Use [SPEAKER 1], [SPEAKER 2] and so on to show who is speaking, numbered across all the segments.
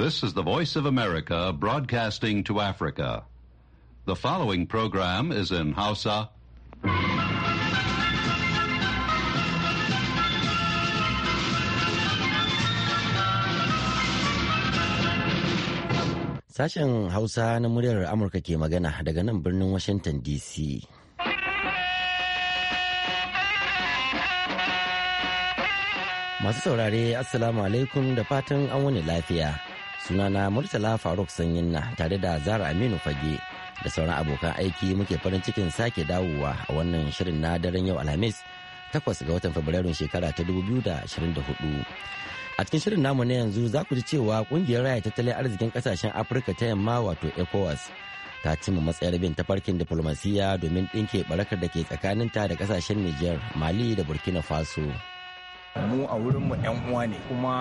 [SPEAKER 1] This is the Voice of America broadcasting to Africa. The following program is in Hausa.
[SPEAKER 2] Sashen Hausa na muryar Amurka ke magana daga nan birnin Washington DC. Masu saurare, Assalamu alaikum da fatan an wani lafiya. sunana murtala faruk sanyin na tare da zara aminu fage da sauran abokan aiki muke farin cikin sake dawowa a wannan shirin na daren yau alhamis takwas ga watan fabrairun shekara ta 2024 a cikin shirin namu na yanzu za ku ji cewa kungiyar raya tattalin arzikin kasashen afirka ta yamma wato ecowas ta cimma matsayar bin tafarkin diflomasiyya domin ɗinke barakar da ke tsakaninta da kasashen niger mali da burkina faso
[SPEAKER 3] mu a wurinmu 'yan uwa ne kuma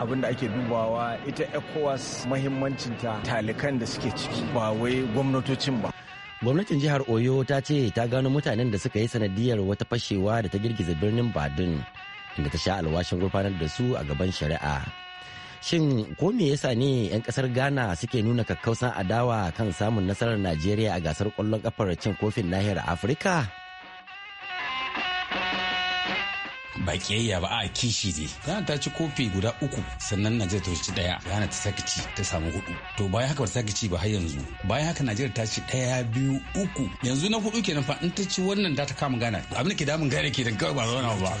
[SPEAKER 3] abin da ake dubawa ita ecowas mahimmancinta
[SPEAKER 2] talikan da suke ciki ba wai gwamnatocin ba gwamnatin jihar oyo ta ce ta gano mutanen da suka yi sanadiyar wata fashewa da ta girgiza birnin badin inda ta sha alwashin gurfanar da su a gaban shari'a shin ko me yasa ne 'yan kasar ghana suke nuna kakkausan adawa kan samun nasarar najeriya a gasar kwallon kafar cin kofin nahiyar afirka
[SPEAKER 3] ba kiyayya ba a
[SPEAKER 4] kishi ne Yana ta ci kofi guda uku sannan najeriya ta ci daya Yana ta sake ci ta samu hudu to bayan haka ba ta ci ba har yanzu bayan haka najeriya ta ci daya biyu uku yanzu na hudu kenan fa in ta ci wannan da ta kama gana abin da ke damun gane ke da kawai ba zauna ba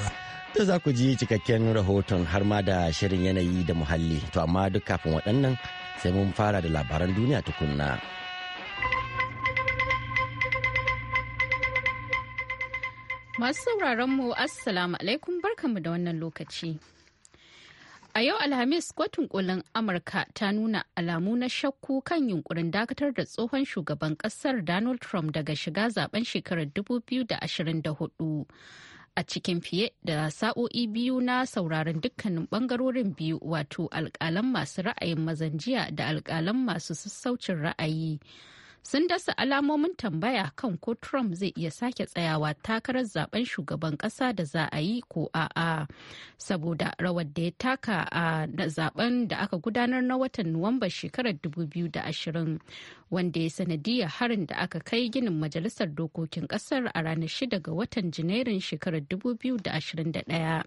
[SPEAKER 2] da za ku ji cikakken rahoton har ma da shirin yanayi da muhalli to amma duk kafin waɗannan sai mun fara da labaran duniya tukunna.
[SPEAKER 5] Masu sauraron mu Assalamu alaikum barkanmu da wannan lokaci. A yau Alhamis kotun kolin Amurka ta nuna alamu na shakku kan yunkurin dakatar da tsohon shugaban kasar Donald Trump daga shiga zaben shekarar 2024. A cikin fiye da sa'o'i biyu na sauraron dukkanin bangarorin biyu wato alkalan masu ra'ayin mazanjiya da alkalan masu sassaucin ra'ayi. sun dasa alamomin tambaya kan ko Trump zai iya sake tsayawa takarar zaben shugaban kasa da za a yi ko a'a saboda rawar da ya taka a zaben da aka gudanar na watan Nuwambar shekarar 2020 wanda ya sanadiyar harin da aka kai ginin majalisar dokokin kasar a ranar 6 ga watan Janairun shekarar 2021.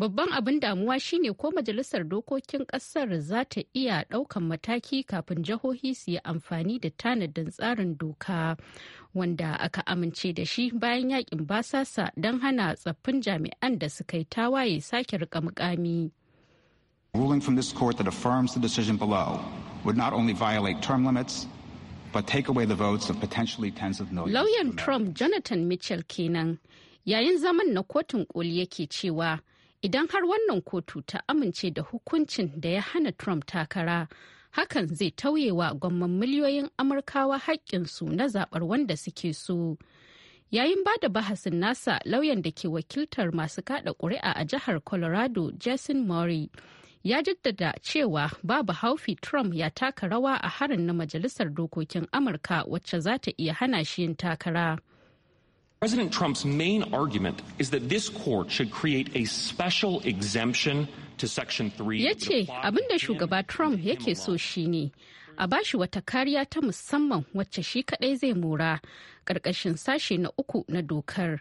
[SPEAKER 5] Babban abin damuwa shine ko majalisar dokokin kasar za ta iya ɗaukan mataki kafin jihohi su yi amfani da tanadin tsarin doka wanda aka amince da shi bayan yakin basasa don hana tsaffin jami'an da suka yi tawaye sake rika mukami.
[SPEAKER 1] Ruling from this court that affirms the decision below would not only violate term limits but take away the votes of potentially tens of millions.
[SPEAKER 5] Lauyan Trump Jonathan Mitchell kenan yayin zaman na kotun koli yake cewa idan har wannan kotu ta amince da hukuncin da ya hana trump takara hakan zai tauyewa gwamman miliyoyin amurkawa haƙƙinsu na zaɓar wanda suke so yayin ba da bahasin nasa lauyan da ke wakiltar masu kada ƙuri'a a jihar colorado jason murray ya jaddada cewa babu haufi trump ya taka rawa a harin na majalisar dokokin amurka wacce za ta iya hana shi yin takara.
[SPEAKER 6] President Trump's main argument is that this court should create a special exemption to Section 3. Ya ce abin da shugaba
[SPEAKER 5] Trump yake so shi ne a ba shi wata kariya ta musamman wacce shi kadai zai mora ƙarƙashin sashe na uku na dokar.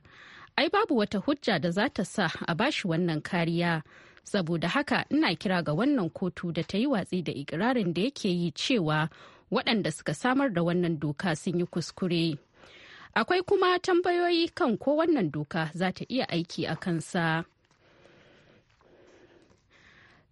[SPEAKER 5] Ai babu wata hujja da za ta sa a ba shi wannan kariya. Saboda haka ina kira ga wannan kotu da ta yi watsi da ikirarin da yake yi cewa waɗanda suka samar da wannan doka sun yi kuskure. Akwai kuma tambayoyi kan ko wannan doka za ta iya aiki a kansa.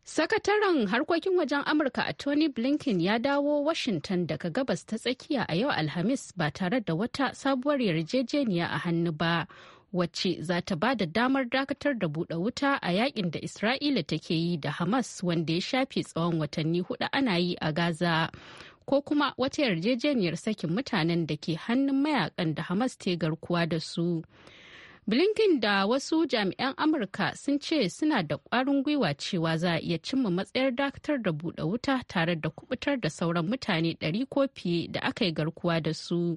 [SPEAKER 5] Sakataren harkokin wajen Amurka a Tony Blinken ya dawo Washington daga gabas ta tsakiya a yau Alhamis ba tare da wata sabuwar yarjejeniya a hannu ba, wacce za ta ba da damar dakatar da buɗe wuta a yakin da Isra'ila take yi da Hamas wanda ya shafe tsawon watanni hudu ana yi a Gaza. ko kuma wata yarjejeniyar sakin mutanen da ke hannun mayakan da Hamas te garkuwa da su. Blinken da wasu jami'an Amurka sun ce suna da ƙwarin gwiwa cewa za a iya cimma matsayar dakatar da buɗe wuta tare da kubutar da sauran mutane ɗari ko fiye da aka yi garkuwa da su.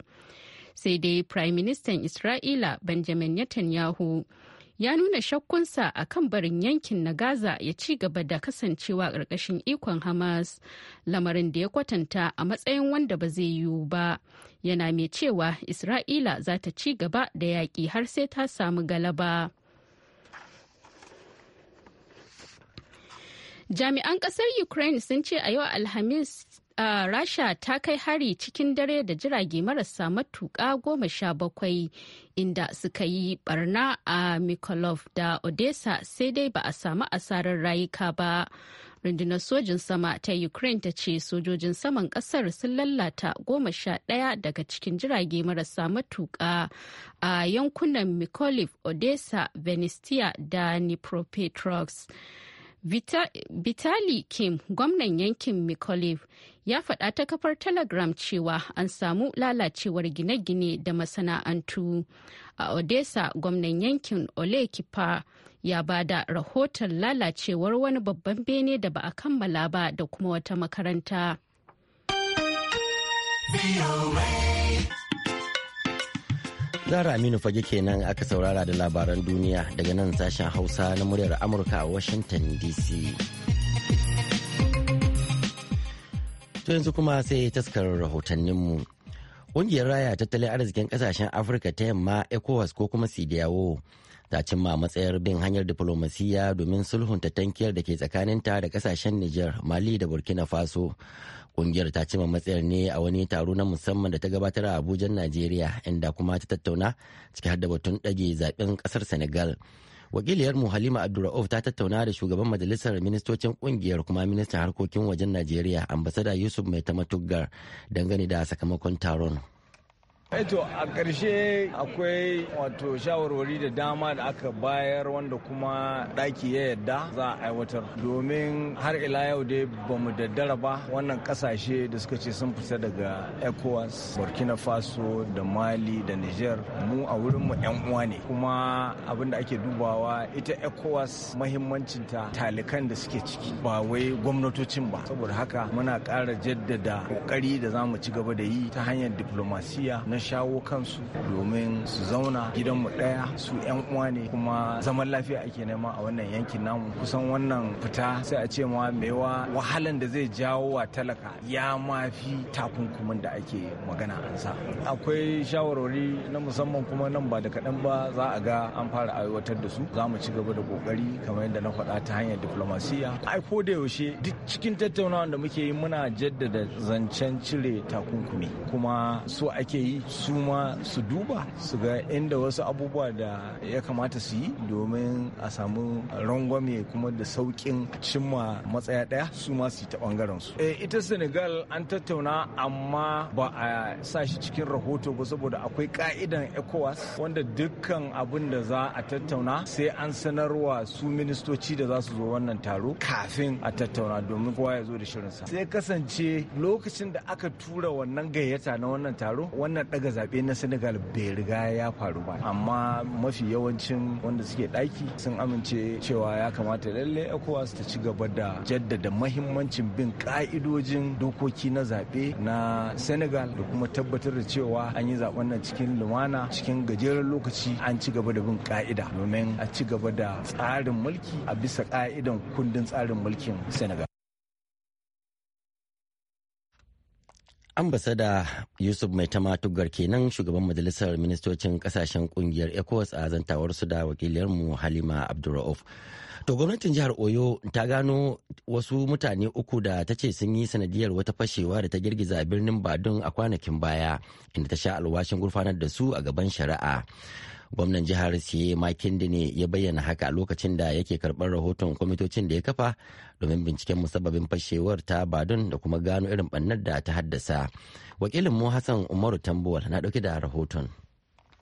[SPEAKER 5] Sai dai Prime Minister Isra'ila Benjamin Netanyahu ya nuna shakkunsa a kan barin yankin na Gaza ya ci gaba da kasancewa ƙarƙashin ikon Hamas, lamarin da ya kwatanta a matsayin wanda ba zai yiwu ba. Yana mai cewa Isra'ila za ta ci gaba da yaƙi har sai ta samu galaba. Jami'an ƙasar Ukraine sun ce a yau Alhamis a Rasha ta kai hari cikin dare da jirage marasa matuƙa goma sha bakwai inda suka yi barna a mikolov da Odessa sai dai ba a samu asarar rayuka ba. Rundunar sojin sama ta Ukraine ta ce sojojin saman kasar sun lalata goma sha ɗaya daga cikin jirage marasa matuƙa a yankunan mikolov Odessa, Venestia da Dnipropetrovsk. Vita, Vitali Kim, gwamnan yankin mikolov. ya faɗa ta kafar telegram cewa an samu lalacewar gine-gine da masana'antu a odessa gwamnan yankin olekipa ya ba da rahoton lalacewar wani babban bene da ba a kammala ba da kuma wata makaranta
[SPEAKER 2] Zara Aminu fage kenan aka saurara da labaran duniya daga nan sashen Hausa na muryar Amurka a Washington DC. To yanzu kuma sai taskarar rahotanninmu. Ƙungiyar raya tattalin arzikin ƙasashen Afirka ta yamma ECOWAS ko kuma Sidiyao ta cimma matsayar bin hanyar diflomasiyya domin sulhunta tankiyar da ke tsakaninta da ƙasashen Nijar, Mali da Burkina Faso. Ƙungiyar ta cimma matsayar ne a wani taro na musamman da ta gabatar a Abuja, Najeriya, inda kuma ta tattauna ciki har da batun ɗage zaɓen ƙasar Senegal. wakiliyar mu halima abdulra'uf ta tattauna da shugaban majalisar ministocin kungiyar kuma ministan harkokin wajen najeriya ambasada yusuf mai matukar dangane da sakamakon taron
[SPEAKER 3] Eto eh, a ƙarshe akwai wato shawarwari da dama da aka bayar wanda kuma ɗaki ya yadda za a aiwatar domin har ila yau dai ba mu daddara ba wannan ƙasashe da suka ce sun fita daga ECOWAS Burkina Faso da Mali da Niger mu a wurin mu yan uwa ne kuma abin da ake dubawa ita ECOWAS mahimmancinta talikan da suke ciki ba wai gwamnatocin ba saboda haka muna ƙara jaddada ƙoƙari da za mu ci gaba da yi ta hanyar diplomasiya na shawo kansu domin su zauna gidanmu ɗaya su 'yan uwa ne kuma zaman lafiya ake nema a wannan yankin namu kusan wannan fita sai a ce ma mewa wahalan da zai jawo wa talaka ya mafi takunkumin da ake magana an sa akwai shawarwari na musamman kuma nan ba da kaɗan ba za a ga an fara aiwatar da su za mu ci gaba da kokari kamar yadda na faɗa ta hanyar diplomasiya ai ko da yaushe duk cikin tattaunawa da muke yi muna jaddada zancen cire takunkumi kuma su ake yi su ma su duba su ga inda wasu abubuwa da ya kamata su yi domin a samu rangwame kuma da saukin cimma matsaya ɗaya su ma su yi ta ɓangaren su. Eh, ita Senegal an tattauna amma ba a sa shi cikin rahoto ba saboda akwai ka'idan ECOWAS wanda dukkan abin da za a tattauna sai an sanarwa su ministoci da za su zo wannan taro kafin a tattauna domin kowa ya zo da shirinsa. Sai kasance lokacin da aka tura wannan gayyata na wannan taro wannan daga zaɓe na senegal bai riga ya faru ba amma mafi yawancin wanda suke ɗaki sun amince cewa ya kamata lalle ecowas ta ci gaba da jaddada mahimmancin bin ƙa'idojin dokoki na zaɓe na senegal da kuma tabbatar da cewa an yi zaɓen nan cikin lumana cikin gajeren lokaci an ci gaba da bin ka'ida domin a ci gaba da tsarin mulki a bisa ƙa'idan kundin tsarin mulkin senegal
[SPEAKER 2] ambasada yusuf mai tamatugar kenan shugaban majalisar ministocin kasashen kungiyar ecowas a zantawarsu da wakiliyarmu halima abdulra'uf to gwamnatin jihar oyo ta gano wasu mutane uku da ta ce sun yi sanadiyar wata fashewa da ta girgiza birnin badun a kwanakin baya inda ta sha alwashin gurfanar da su a gaban shari'a gwamnan jihar siye makindi ne ya bayyana haka lokacin da yake karbar rahoton kwamitocin da ya kafa domin binciken musabbabin fashewar ta badun da kuma gano irin ɓannar da ta haddasa wakilin mu hassan umaru tambuwal na ɗauke da rahoton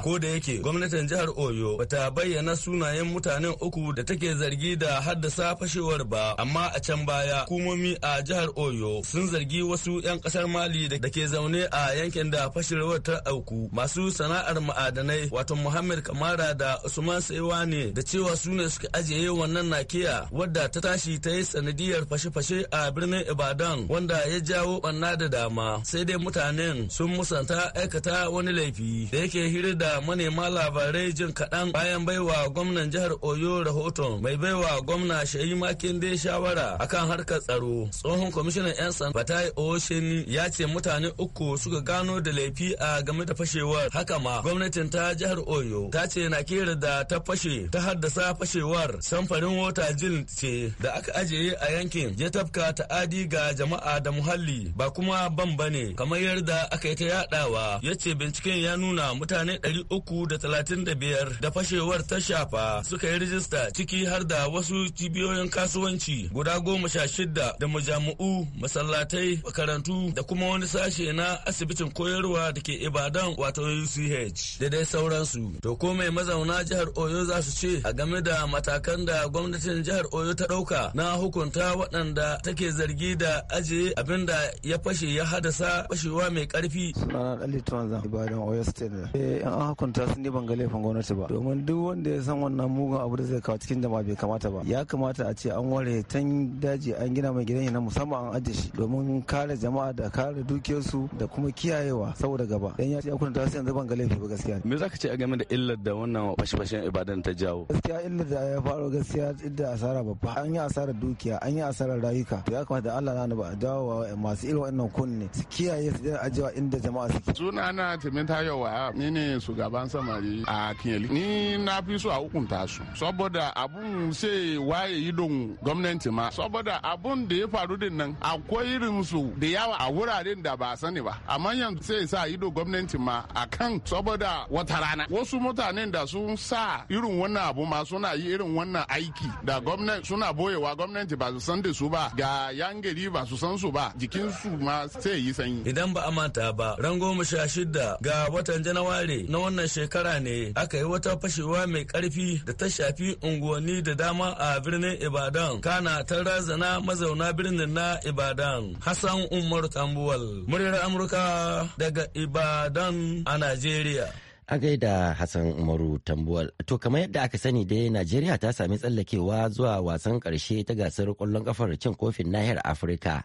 [SPEAKER 4] Ko da yake gwamnatin jihar Oyo bata bayyana sunayen mutanen uku da take zargi da haddasa fashewar ba, amma a can baya hukumomi a jihar Oyo sun zargi wasu 'yan kasar Mali da ke zaune a yankin da fashewar ta auku masu sana'ar ma'adanai wato Muhammad Kamara da Usman Saiwa ne da cewa su ne suka ajiye wannan nakiya wadda ta tashi ta yi sanadiyar fashe-fashe a birnin Ibadan wanda ya jawo banna da dama sai dai mutanen sun musanta aikata wani laifi da yake hirar da da manema labarai jin kaɗan bayan baiwa gwamnan jihar Oyo rahoton mai baiwa gwamna Shehi Makinde shawara akan harkar tsaro. Tsohon kwamishinan 'yan sanda Fatai oshini ya ce mutane uku suka gano da laifi a game da fashewar. Haka ma gwamnatin ta jihar Oyo ta ce na kera da ta fashe ta haddasa fashewar samfarin wota jil ce da aka ajiye a yankin ya tafka ta'adi ga jama'a da muhalli ba kuma ban bane kamar yadda aka yi ta yadawa ya ce binciken ya nuna mutane ɗari uku da talatin da da biyar fashewar ta shafa suka yi rijista ciki har da wasu cibiyoyin kasuwanci guda goma sha shida da majami'u masallatai makarantu da kuma wani sashe na asibitin koyarwa da ke ibadan wato uch da dai sauransu to ko mai mazauna jihar oyo za su ce a game da matakan da gwamnatin jihar oyo ta dauka na hukunta waɗanda take zargi da aje abin da ya fashe ya hadasa fashewa mai ƙarfi.
[SPEAKER 3] Sunana Zan Ibadan Oyo State. Eh, hukunta su ne bangale ga laifin gwamnati ba domin duk wanda ya san wannan mugun abu da zai kawo cikin jama'a bai kamata ba ya kamata a ce an ware tan daji an gina mai gidan na musamman an ajiye shi domin kare jama'a da kare dukiyarsu da kuma kiyayewa saboda gaba dan ya ce hukunta ta yanzu bangale ga ba gaskiya
[SPEAKER 4] me zaka ce a game da illar da wannan fashe-fashen ibadan ta jawo
[SPEAKER 3] gaskiya illar da ya faru gaskiya idda asara babba an yi asarar dukiya an yi asarar rayuka to ya kamata Allah na ba dawo masu irin wannan
[SPEAKER 1] kunne su kiyaye su da ajiwa inda jama'a suke sunana Timin Tayo ni ne su shugaban samari a kinyali ni na fi so a hukunta su saboda abun se waye don gwamnati ma saboda abun da ya faru din nan akwai irin su da yawa a wuraren da ba sani ba amma yanzu sai sa ido gwamnati ma a kan saboda wata rana wasu mutanen da sun sa irin wannan abu ma suna yi irin wannan aiki da gwamnati suna boyewa gwamnati ba su san da su ba ga yan ba su san su ba jikin su ma
[SPEAKER 4] sai yi sanyi idan ba a manta ba ran goma sha shida ga watan janawari na wannan shekara ne aka yi wata fashewa mai karfi da ta shafi unguwanni da dama a birnin Ibadan. Kana ta razana mazauna birnin na Ibadan. Hassan Umar Tambuwal, muryar Amurka daga Ibadan a Najeriya.
[SPEAKER 2] A gaida Hassan Umaru Tambuwal. To kamar yadda aka sani dai Najeriya ta sami tsallakewa zuwa wasan karshe ta gasar kwallon ƙafar cin kofin nahiyar Afirka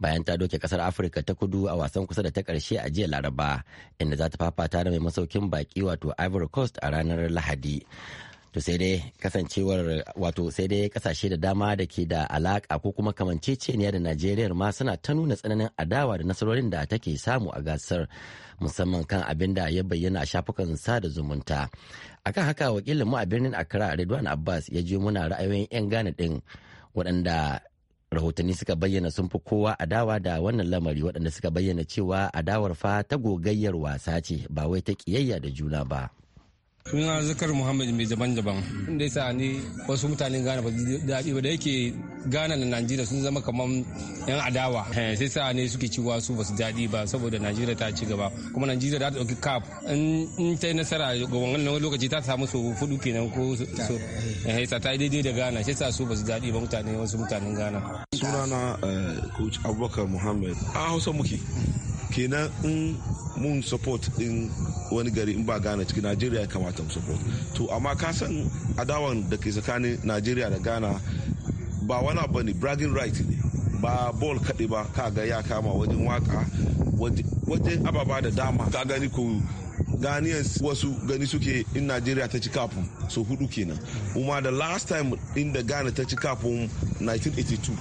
[SPEAKER 2] bayan ta doke ƙasar Afirka ta kudu a wasan kusa da ta karshe a jiya Laraba inda za ta fafata da mai masaukin baki wato Ivory Coast a ranar Lahadi. to sai dai kasancewar wato sai dai kasashe da dama da ke da alaka ko kuma kamanceceniya da najeriya ma suna ta nuna tsananin adawa da nasarorin da take samu a gasar musamman kan abin da ya bayyana a shafukan da zumunta akan haka mu a birnin accra redwan abbas ya je muna ra'ayoyin 'yan gane din waɗanda rahotanni suka bayyana sun fi kowa adawa da wannan lamari waɗanda suka bayyana cewa adawar fa ta gogayyar wasa ce ba wai ta ƙiyayya da juna ba.
[SPEAKER 4] suna zakar muhammad mai daban-daban inda ya sa ni wasu mutanen ghana ba daɗi ba da yake ghana na najeriya sun zama kamar yan adawa eh, sai sa ne suke ciwa su ba su daɗi ba saboda najeriya ta ci gaba kuma najeriya ta ɗauki cap in ta yi nasara ga wannan lokaci ta samu so hudu kenan ko so eh, sa ta yi daidai da ghana sai sa su ba su
[SPEAKER 1] daɗi ba mutane wasu mutanen ghana sunana eh, coach abubakar muhammad a hausa muke kenan in mun support din wani gari in ba ghana ciki najeriya ya kamata mu support to amma ka san adawan da ke tsakanin najeriya da ghana ba wani abu ne bragging right ne ba ball kaɗe ba kaga ya kama wajen waka wajen ababa da dama ka gani ko Ghanaians wasu gani suke in Nigeria ta ci kafin so hudu kenan. Kuma da last time in the Ghana ta ci kafin 1982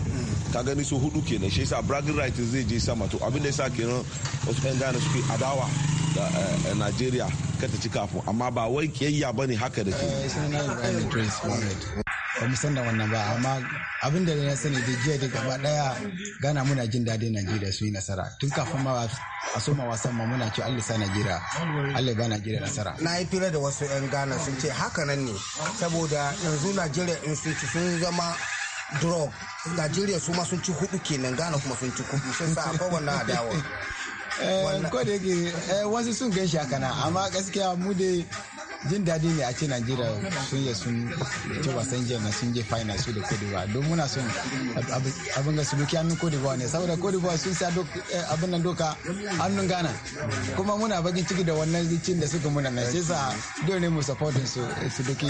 [SPEAKER 1] ka gani so hudu kenan shi yasa bragin rights zai je sama to abin da yasa kenan wasu 'yan Ghana suke adawa da eh, Nigeria ka ta ci kafin amma ba wai kiyayya ne haka da ke. Eh,
[SPEAKER 3] ba mu san da wannan ba amma abin da na sani da jiya da gaba daya gana muna jin daɗin najeriya su yi nasara tun kafin ma a soma wasan ma muna ce allah sa najeriya allah ba najeriya nasara na yi fira da wasu yan gana sun ce haka nan ne saboda yanzu najeriya in sun sun zama drug najeriya su ma sun ci hudu kenan gana kuma sun ci kudu sun sa akwai wannan adawa eh, ko da yake eh, wasu sun gan shakana amma gaskiya mu dai jin daɗi ne a ce najeriya sun yi sun ci wasan jiya na sun je final su da cote don muna son abin ga su duki hannun ba ne saboda ba sun sa eh, abin nan doka hannun ghana kuma muna bakin ciki da wannan cin da suka muna na shi sa dole mu supportin su su duki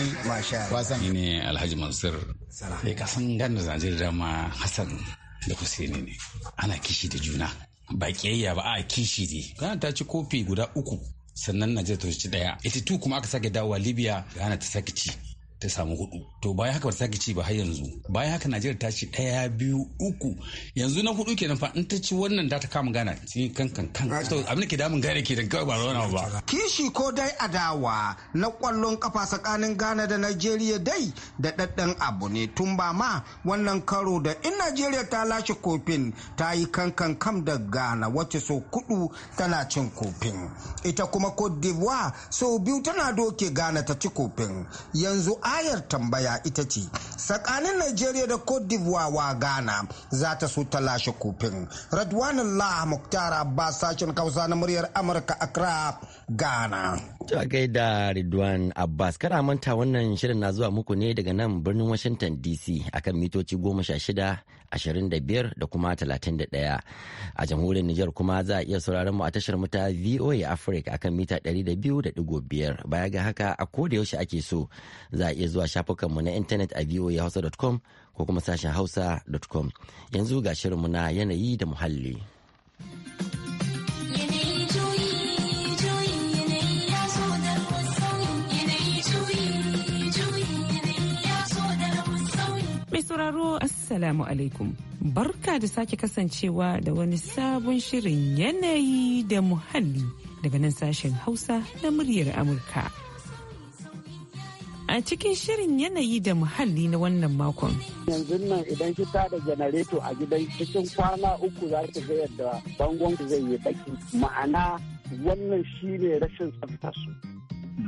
[SPEAKER 3] wasan
[SPEAKER 4] ni ne alhaji mansur sai ka san gana najeriya ma hassan da husaini ne ana kishi da juna ba kiyayya ba a kishi ne ghana ta ci kofi guda uku sannan Najeriya ta ci daya. Ita tu kuma aka sake dawowa Libya Ghana ta sake ci. ta samu hudu to bayan haka ba ta ci ba har yanzu bayan haka najeriya ta ci daya biyu uku yanzu na hudu kenan fa in ta ci wannan da ta kama gana ci kan kan kan to abin da ke damun gane ke daga ba rawana ba
[SPEAKER 3] kishi ko dai adawa na kwallon kafa tsakanin Ghana da Najeriya dai da daddan abu ne tun ba ma wannan karo da in Najeriya ta lashe kofin ta yi kankan kam da Ghana wacce so kudu tana cin kofin ita kuma Cote d'Ivoire so biyu tana doke Ghana ta ci kofin yanzu ayar tambaya ita ce tsakanin Najeriya da Cote d'Ivoire wa Ghana za ta so ta lashe kofin. Radwanullah Muktar Abbas sashen kausa na muryar Amurka Accra Ghana.
[SPEAKER 2] Ta gaida Ridwan Abbas kada manta wannan shirin na zuwa muku ne daga nan birnin Washington DC akan mitoci goma sha shida 25 da kuma 31. A jamhuriyar Nijar kuma za a iya sauraron mu a tashar muta ta VOA Africa akan mita 200.5 baya ga haka a koda yaushe ake so za a iya zuwa shafukan mu na intanet a voahausa.com ko kuma sashen hausa.com yanzu ga shirinmu na yanayi da muhalli.
[SPEAKER 6] sauraro Assalamu alaikum. Barka da sake kasancewa da wani sabon shirin yanayi da muhalli daga nan sashen Hausa na muryar Amurka. A cikin shirin yanayi da muhalli na wannan makon.
[SPEAKER 7] Yanzu nan idan ki da janareto a gidan cikin kwana uku za ta ga yadda bangon zai yi baki. Ma'ana wannan shi ne rashin tsafta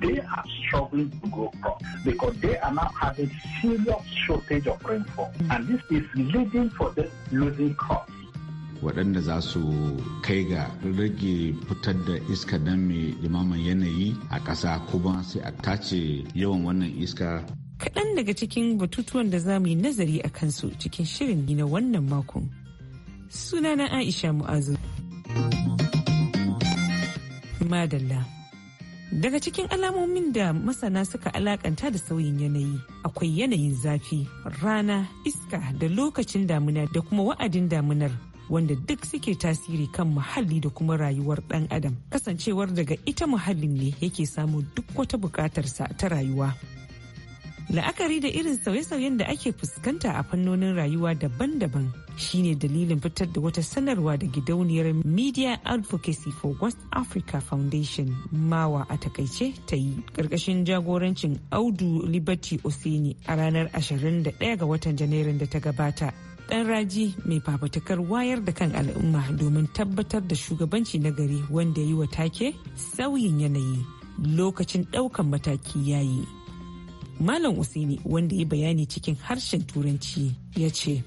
[SPEAKER 7] they are struggling to grow crops because they are now having serious shortage of rainfall. And this is leading for them losing crops.
[SPEAKER 1] waɗanda za su kai ga rage fitar da iska don mai limaman yanayi a ƙasa kuma sai a tace yawan wannan iska
[SPEAKER 6] kaɗan daga cikin batutuwan da za mu yi nazari a kansu cikin shirin na wannan makon sunana aisha mu'azu madalla Daga cikin alamomin da masana suka alakanta da sauyin yanayi akwai yanayin zafi, rana, iska da lokacin damuna da kuma wa'adin damunar wanda duk suke tasiri kan muhalli da kuma rayuwar ɗan adam. Kasancewar daga ita muhallin ne yake samun duk wata buƙatarsa ta rayuwa. la'akari da irin sauye-sauyen da ake fuskanta a fannonin rayuwa daban-daban shine dalilin fitar da wata sanarwa da gidauniyar media advocacy for west africa foundation mawa a takaice ta yi ƙarƙashin jagorancin audu liberty oseni a ranar 21 ga watan janairun da ta gabata ɗan raji mai fafatakar wayar da kan al'umma domin tabbatar da shugabanci na gari wanda ya yi wa take sauyin yanayi lokacin ɗaukan mataki yayi. Malam Usaini wanda ya bayani cikin harshen Turanci ya ce.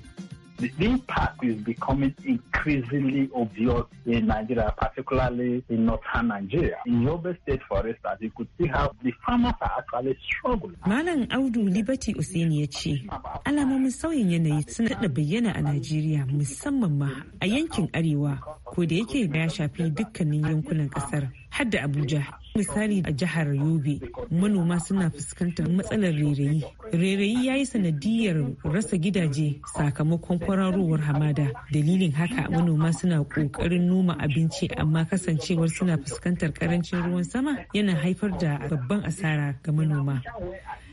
[SPEAKER 7] The impact is becoming increasingly obvious in Nigeria, particularly in northern Nigeria. In Yobe State Forest, as you could see how the
[SPEAKER 6] farmers are actually struggling. Malam Audu Liberty Usaini ya ce, alamomin sauyin yanayi sun da bayyana a Najeriya musamman ma a yankin Arewa, ko da yake ya shafi dukkanin yankunan kasar. har da Abuja. Misali a jihar Yobe, manoma suna fuskantar matsalar rerayi rerayi ya yi sanadiyar rasa gidaje sakamakon kwararowar hamada. Dalilin haka manoma suna ƙoƙarin noma abinci amma kasancewar suna fuskantar ƙarancin ruwan sama yana haifar da babban asara ga manoma.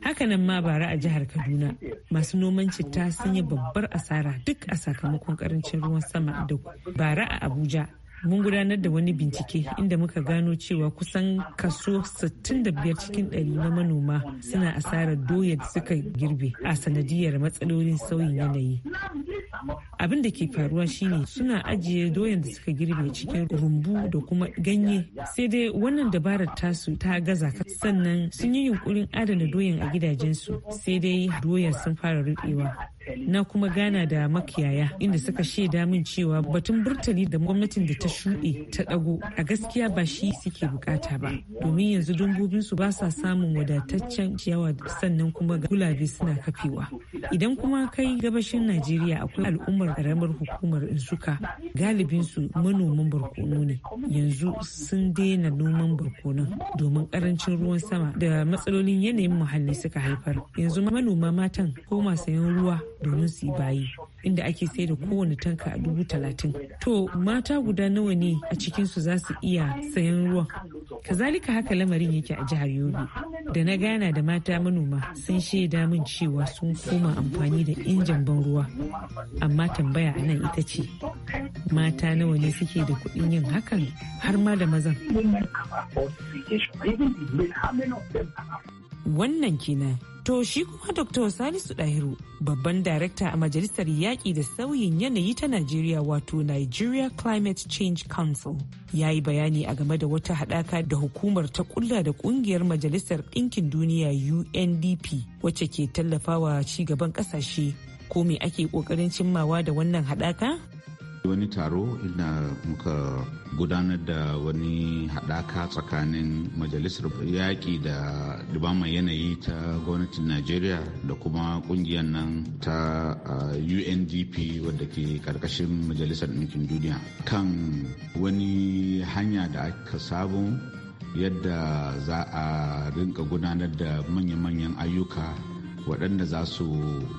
[SPEAKER 6] Hakanan ma bara a jihar Kaduna, masu noman citta sun yi babbar asara duk a sakamakon ƙarancin ruwan sama da bara a Abuja. mun gudanar da wani bincike inda muka gano cewa kusan kaso 65 cikin ɗari na manoma suna asarar doya da suka girbe a sanadiyar matsalolin sauyin yanayi abin da ke faruwa shine suna ajiye doyan da suka girbe cikin rumbu da kuma ganye sai dai wannan dabarar tasu ta gaza sannan sun yi yunkurin adana doyan a gidajensu sai dai doyan sun fara rubewa na kuma gana da makiyaya inda suka shaida min cewa batun burtani da gwamnatin da ta shuɗe ta ɗago a gaskiya ba shi suke bukata ba domin yanzu dumbobinsu ba sa samun wadataccen ciyawa sannan kuma gulabe suna kafewa idan kuma kai gabashin najeriya akwai al'ummar karamar hukumar insuka galibinsu manoman barkono ne yanzu sun daina noman barkonon domin karancin ruwan sama da matsalolin yanayin muhalli suka haifar yanzu manoma matan ko masu ruwa domin su yi bayi inda ake sai da kowane tanka a dubu talatin to mata guda nawa ne a cikinsu za su iya sayan ruwan kazalika haka lamarin yake a jihar yobe da na gana da mata manoma sun shaida min cewa sun koma amfani da injin ban ruwa amma tambaya a nan ita ce mata nawa ne suke da kuɗin yin hakan har ma da mazan wannan kenan to shi kuma dr salisu dahiru babban darekta a majalisar yaƙi da sauyin yanayi ta najeriya wato nigeria climate change council ya yi bayani a game da wata haɗaka da hukumar ta kulla da ƙungiyar majalisar ɗinkin duniya undp wacce ke tallafawa ci gaban ƙasashe ko me ake ƙoƙarin cimmawa da wannan haɗaka
[SPEAKER 1] wani taro inda muka gudanar da wani haɗaka tsakanin majalisar yaƙi da dubaman yanayi ta gwamnatin najeriya da kuma ƙungiyar nan ta undp wadda ke ƙarƙashin majalisar ɗinkin duniya kan wani hanya da aka sabon yadda za a rinka gudanar da manya-manyan ayyuka waɗanda za su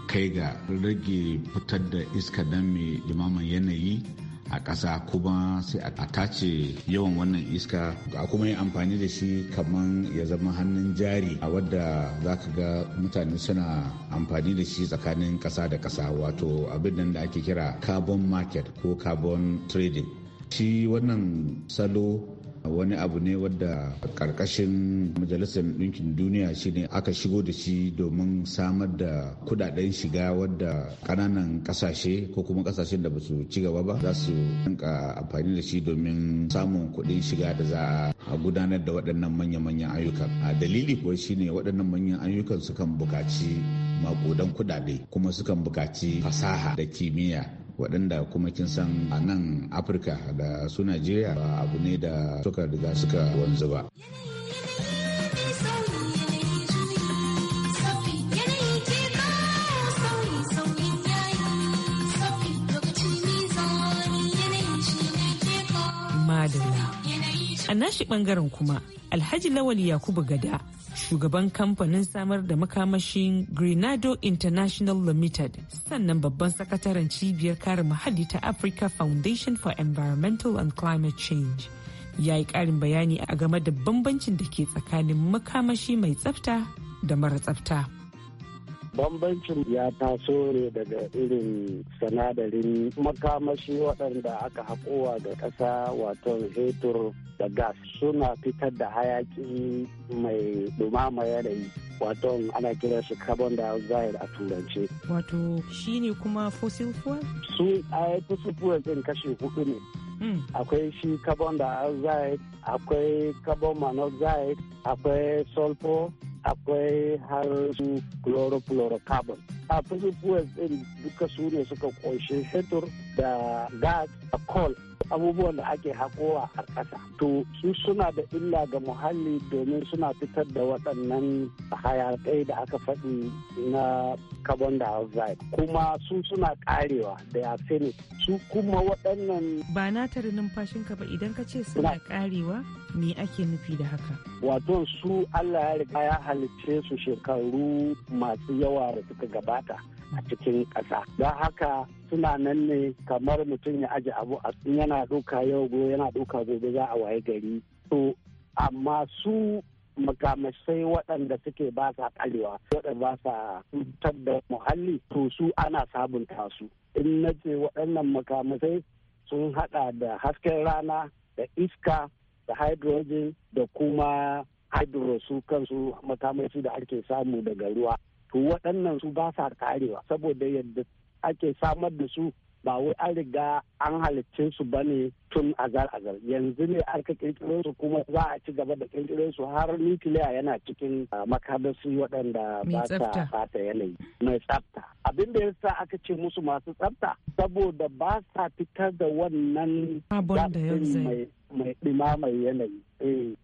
[SPEAKER 1] kai ga rage fitar da iska don mai limaman yanayi a ƙasa kuma sai a tace yawan wannan iska a kuma yi amfani da shi kamar ya zama hannun jari a wadda za ka ga mutane suna amfani da shi tsakanin ƙasa da ƙasa wato abin da ake kira carbon market ko carbon trading shi wannan salo wani abu ne wadda karkashin majalisar ɗinkin duniya shine aka shigo da shi domin samar da kudaden shiga wadda kananan kasashe ko kuma kasashen da basu ci gaba ba za su rinka amfani da shi domin samun kuɗin shiga da za a gudanar da waɗannan manya-manyan ayyukan a dalili kuwa shine waɗannan manyan ayyukan sukan bukaci makudan kudade kuma sukan bukaci fasaha da kimiyya waɗanda kuma kin san a nan afirka da su najeriya abu ne da suka riga suka wanzu ba.
[SPEAKER 6] A nashi bangaren kuma, Alhaji Lawal Yakubu Gada, shugaban kamfanin samar da makamashin Grenado International Limited, sannan babban sakataren cibiyar kare muhalli ta Africa Foundation for Environmental and Climate Change. Ya yi ƙarin bayani a game da bambancin da ke tsakanin makamashi mai tsafta da mara tsafta.
[SPEAKER 7] bambancin ya taso ne daga irin sanadarin makamashi waɗanda aka haƙowa ga ƙasa wato hetur da gas suna fitar da hayaƙi mai ɗumama yanayi wato ana kira shi carbon dioxide a turance.
[SPEAKER 6] Wato shi
[SPEAKER 7] ne kuma fossil fuel? Su a fossil fuel ɗin kashi hudu ne. Hmm. Akwai shi carbon dioxide, akwai carbon monoxide, akwai sulfur, akwai har su chlorofluorocarbon a fuel din duka su ne suka ƙunshi hetur da gas a coal abubuwan da ake haƙowa a ƙasa to su suna da illa ga muhalli domin suna fitar da waɗannan hayaƙai da aka faɗi na carbon dioxide kuma
[SPEAKER 6] su suna ƙarewa da arsenic su kuma waɗannan ba na tare numfashinka ba idan ka ce suna ƙarewa me ake nufi da haka
[SPEAKER 7] wato su allah ya riga ya halicce su shekaru masu yawa da suka gabata a cikin ƙasa don haka suna nan ne kamar mutum ya aji abu a yana ɗauka yau gobe yana ɗauka gobe za a waye gari to amma su makamashai waɗanda suke ba sa ƙarewa waɗanda ba sa cutar da muhalli to su ana sabunta su in na ce waɗannan makamashai sun haɗa da hasken rana da iska da hydrogen da kuma hydro su kansu makamashi da ake samu daga ruwa to waɗannan su ba sa karewa saboda yadda ake samar da su ba wai an riga an halicce su ba ne tun azar azar yanzu ne aka kirkiro su kuma za a ci gaba da kirkiro su har nukiliya yana cikin ah, makadarsu waɗanda ba ta fata yanayi mai tsafta abin da yasa aka ce musu masu tsafta saboda ba sa fitar da wannan mai ɗima mai yanayi eh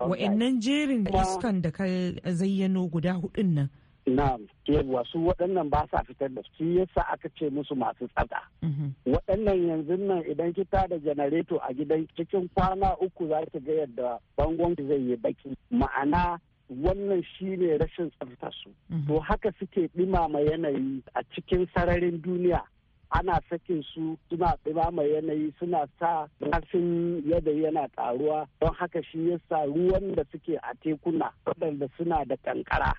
[SPEAKER 7] wa'annan
[SPEAKER 6] jerin iskan da ka
[SPEAKER 7] zayyano guda hudun nan na yawwa su waɗannan ba sa fitar da shi yasa aka ce musu masu tsada mhm. waɗannan yanzu nan idan kita da janareto a gidan cikin kwana uku za ki ga yadda bangon zai yi baki ma'ana wannan shi ne rashin tsafta mhm. to haka suke ɗimama yanayi a cikin sararin duniya ana sakin su suna ɗumama yanayi suna sa rasin yadda yana ƙaruwa don haka shi ya sa ruwan da suke a tekuna waɗanda suna da kankara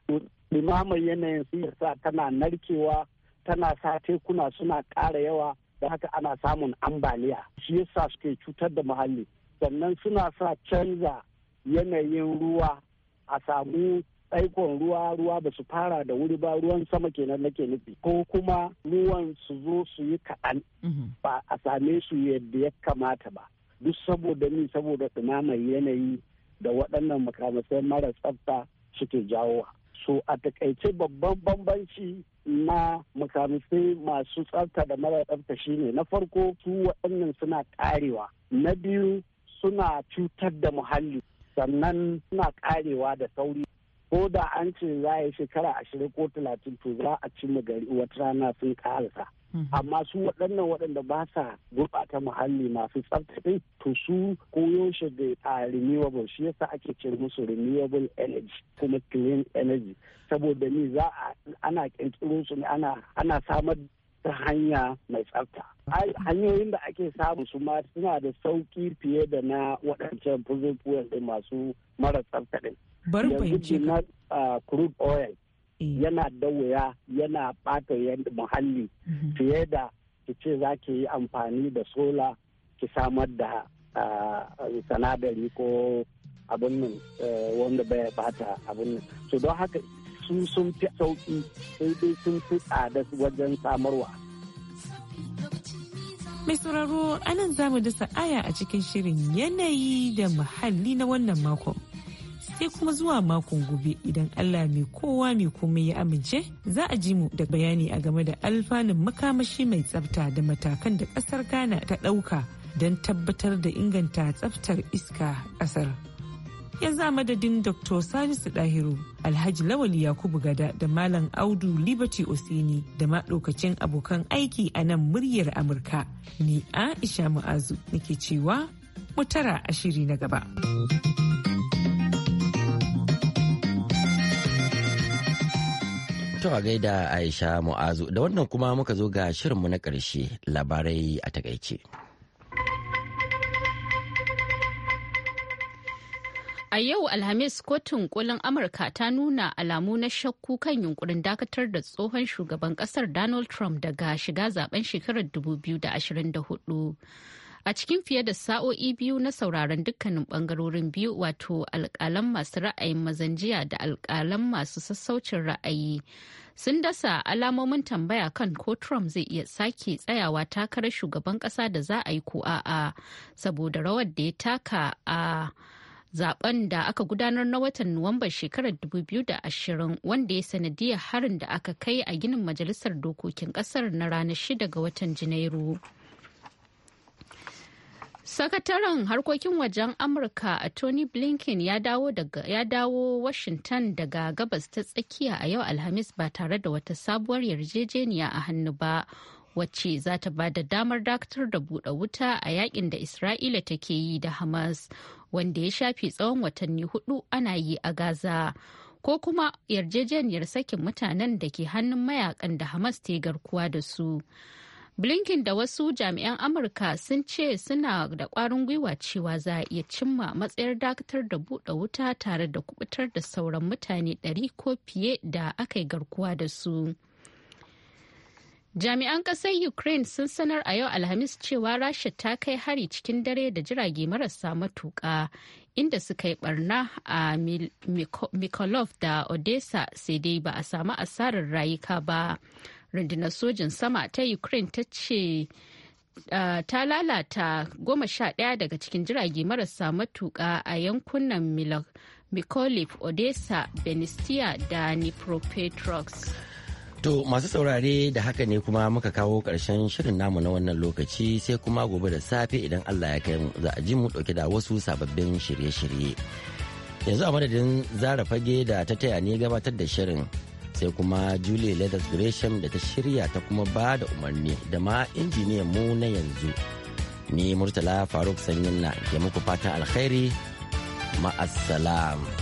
[SPEAKER 7] ɗumamar yanayin su sa tana narkewa tana sa tekuna suna ƙara yawa da haka ana samun ambaliya shi ya sa suke cutar da muhalli sannan suna sa canza yanayin ruwa a samu aikon ruwa ruwa ba su fara da wuri ba ruwan sama kenan nake nufi ko kuma ruwan su zo su yi kaɗan mhm. ba a same su yadda ya kamata ba duk saboda ni saboda tunanin yanayi da waɗannan makamasai mara tsafta suke jawowa so a takaice babban bambanci na makamisai masu tsafta da mara tsafta shine na farko su waɗannan suna ƙarewa na biyu suna cutar da muhalli sannan suna ƙarewa da sauri ko da an ce za a yi shekara ashirin ko talatin to za a cimma gari wata rana sun karasa mhm. amma su waɗannan waɗanda ba sa gurɓata muhalli masu tsaftace to su koyaushe da a renewable shi yasa ake ce musu renewable energy kuma clean energy saboda ni za a ana ƙirƙiro su ne ana samar ta hanya mai tsafta. Hanyoyin da ake samu su ma suna da sauki fiye da na waɗancan fuzin masu mara tsafta ɗin.
[SPEAKER 6] bari fahimci
[SPEAKER 7] ka uh, crude oil eh. yana dawaya yana bata yadda muhalli mhm. fiye da ki ce za ki yi amfani da sola ki samar da uh, sanadari ko abin nan uh, wanda bai bata abin nan don haka su sun fi sauki sai dai sun fi tsada wajen samarwa
[SPEAKER 6] mai sauraro anan zamu dasa aya a cikin shirin yanayi da muhalli na wannan makon sai kuma zuwa makon gobe idan Allah mai kowa mai komai ya amince za a ji mu da bayani a game da alfanun makamashi mai tsafta da matakan da ƙasar Ghana ta ɗauka don tabbatar da inganta tsaftar iska ƙasar. Yanzu a madadin Dr. Salisu Dahiru, Alhaji Lawali Yakubu Gada da Malam Audu Liberty Osini da maɗaukacin abokan aiki a nan muryar Amurka. Ni Aisha Mu'azu nake cewa mutara ashiri na gaba.
[SPEAKER 2] To a gaida Aisha Mu'azu da wannan kuma muka zo ga shirinmu na ƙarshe labarai a takaice.
[SPEAKER 5] A yau Alhamis kotun kolin Amurka ta nuna alamu na shakku kan yunkurin dakatar da tsohon shugaban kasar Donald Trump daga shiga zaben shekarar 2024. a cikin fiye da sa'o'i biyu na sauraron dukkanin bangarorin biyu wato alkalan masu ra'ayin mazanjiya da alkalan masu sassaucin ra'ayi sun dasa alamomin tambaya kan ko trump zai iya sake tsayawa takarar shugaban kasa da za a yi ko a'a saboda rawar da ya taka a zaben da aka gudanar na watan nuwamba shekarar 2020 wanda ya sanadiyar harin da aka kai a ginin majalisar dokokin kasar na ranar 6 ga watan janairu. Sakataren harkokin wajen Amurka a Tony Blinken ya dawo, daga, ya dawo Washington daga gabas ta tsakiya a yau Alhamis ba tare da wata sabuwar yarjejeniya a hannu ba wacce za ta ba da damar dakatar da buɗe wuta a yakin da Isra'ila take yi da Hamas wanda ya shafi tsawon watanni hudu ana yi a Gaza. Ko kuma yarjejeniyar sakin mutanen da ke hannun mayakan da Hamas ta garkuwa da su. blinken da wasu jami'an amurka sun ce suna da kwarin gwiwa cewa za a iya cimma matsayar dakatar da buɗe wuta tare da kubutar da sauran mutane 100 ko fiye da aka yi garkuwa da su jami'an ƙasar ukraine sun sanar a yau alhamis cewa rasha ta kai hari cikin dare da jirage marasa matuƙa inda suka yi barna a mikolov da odessa sai dai ba a samu asarar rayuka ba. rundunar sojin sama ta ukraine ta ce ah, ta lalata goma sha ɗaya daga cikin jirage marasa matuƙa a yankunan mikolif Odessa, Benistia da nipropetrox
[SPEAKER 2] To masu saurare da haka ne kuma muka kawo ƙarshen shirin namu na wannan lokaci sai kuma gobe da safe idan Allah ya kai mu za a ji mu ɗauke da wasu sababbin shirye-shirye. Yanzu a madadin zara fage da ta taya ne gabatar da shirin. sai kuma julie leathers gresham da ta shirya ta kuma ba da umarni da ma injiniyan mu na yanzu ni murtala faruk sanyin na ke muku fatan alkhairi ma'assalam.